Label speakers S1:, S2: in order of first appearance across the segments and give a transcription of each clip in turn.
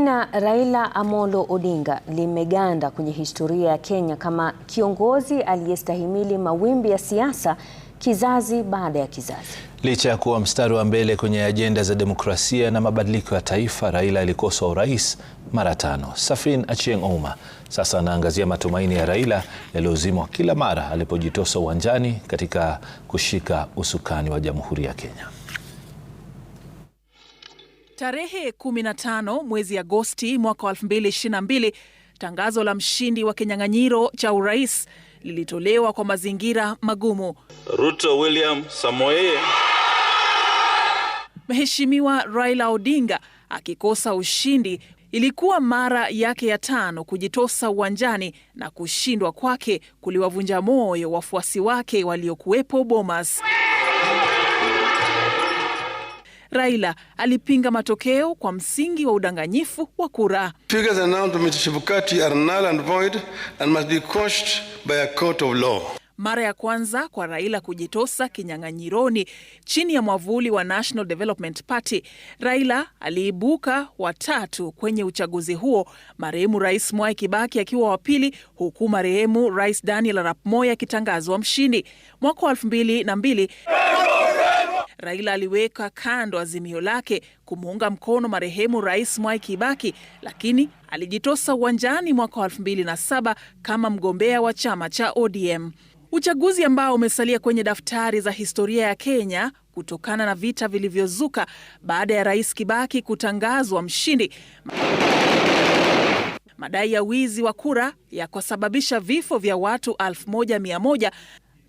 S1: Jina Raila Amolo Odinga limeganda kwenye historia ya Kenya kama kiongozi aliyestahimili mawimbi ya siasa kizazi baada ya kizazi.
S2: Licha ya kuwa mstari wa mbele kwenye ajenda za demokrasia na mabadiliko ya taifa, Raila alikosa urais mara tano. Safin Achieng Ouma sasa anaangazia matumaini ya Raila yaliyozimwa kila mara alipojitosa uwanjani katika kushika usukani wa Jamhuri ya Kenya.
S3: Tarehe 15 mwezi Agosti mwaka wa 2022, tangazo la mshindi wa kinyang'anyiro cha urais lilitolewa kwa mazingira magumu.
S4: Ruto William Samoei.
S3: Mheshimiwa Raila Odinga akikosa ushindi. Ilikuwa mara yake ya tano kujitosa uwanjani na kushindwa kwake kuliwavunja moyo wafuasi wake waliokuwepo Bomas. Raila alipinga matokeo kwa msingi wa udanganyifu wa kura.
S5: Figures announced by Mr. Chebukati are null and void and must be quashed by a court of law.
S3: Mara ya kwanza kwa Raila kujitosa kinyang'anyironi chini ya mwavuli wa National Development Party. Raila aliibuka watatu kwenye uchaguzi huo, marehemu Rais Mwai Kibaki akiwa wa pili, huku marehemu Rais Daniel Arap Moi akitangazwa mshindi mwaka wa elfu mbili na mbili. Raila aliweka kando azimio lake kumuunga mkono marehemu Rais Mwai Kibaki, lakini alijitosa uwanjani mwaka wa saba kama mgombea wa chama cha ODM. Uchaguzi ambao umesalia kwenye daftari za historia ya Kenya kutokana na vita vilivyozuka baada ya Rais Kibaki kutangazwa mshindi. Madai ya wizi wa kura ya kusababisha vifo vya watu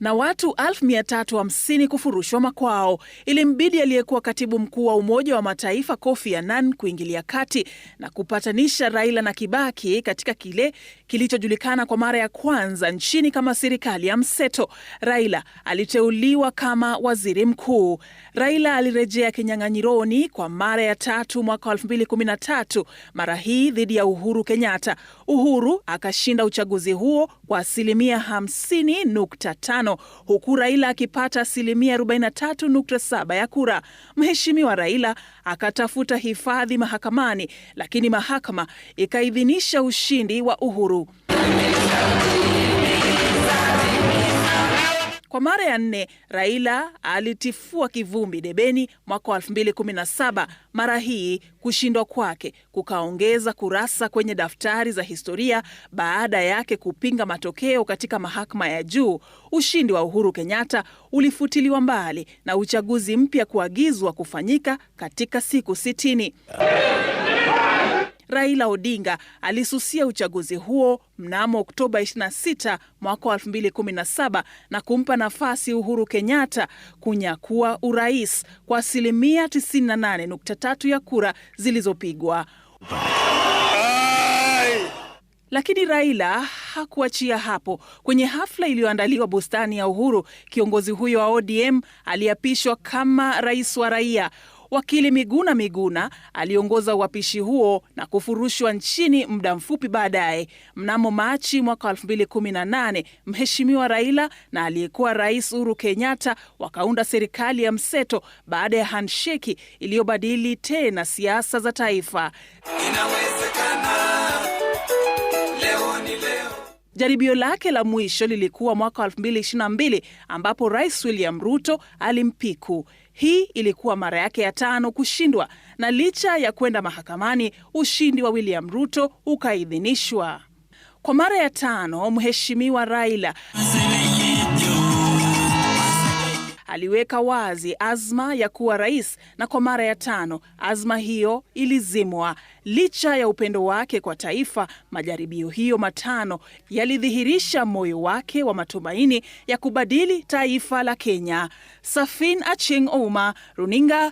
S3: na watu 350 kufurushwa makwao. Ilimbidi aliyekuwa katibu mkuu wa Umoja wa Mataifa Kofi Annan kuingilia kati na kupatanisha Raila na Kibaki katika kile kilichojulikana kwa mara ya kwanza nchini kama serikali ya mseto. Raila aliteuliwa kama waziri mkuu. Raila alirejea kinyang'anyironi kwa mara ya tatu mwaka 2013, mara hii dhidi ya Uhuru Kenyatta. Uhuru akashinda uchaguzi huo kwa asilimia 50.5 tano huku Raila akipata asilimia 43.7 ya kura. Mheshimiwa Raila akatafuta hifadhi mahakamani, lakini mahakama ikaidhinisha ushindi wa Uhuru. Kwa mara ya nne, Raila alitifua kivumbi debeni mwaka wa 2017. Mara hii kushindwa kwake kukaongeza kurasa kwenye daftari za historia baada yake kupinga matokeo katika mahakama ya juu. Ushindi wa Uhuru Kenyatta ulifutiliwa mbali na uchaguzi mpya kuagizwa kufanyika katika siku sitini. Raila Odinga alisusia uchaguzi huo mnamo Oktoba 26 mwaka 2017 na kumpa nafasi Uhuru Kenyatta kunyakua urais kwa asilimia 98.3 ya kura zilizopigwa. Lakini Raila hakuachia hapo. Kwenye hafla iliyoandaliwa bustani ya Uhuru, kiongozi huyo wa ODM aliapishwa kama rais wa raia. Wakili Miguna Miguna aliongoza uapishi huo na kufurushwa nchini muda mfupi baadaye. Mnamo Machi mwaka 2018, Mheshimiwa Raila na aliyekuwa Rais Uhuru Kenyatta wakaunda serikali ya mseto baada ya hansheki iliyobadili tena siasa za taifa. Inawezekana. Jaribio lake la mwisho lilikuwa mwaka 2022 ambapo Rais William Ruto alimpiku. Hii ilikuwa mara yake ya tano kushindwa, na licha ya kwenda mahakamani, ushindi wa William Ruto ukaidhinishwa kwa mara ya tano. Mheshimiwa Raila aliweka wazi azma ya kuwa rais, na kwa mara ya tano azma hiyo ilizimwa. Licha ya upendo wake kwa taifa, majaribio hiyo matano yalidhihirisha moyo wake wa matumaini ya kubadili taifa la Kenya. Safin Aching Ouma, Runinga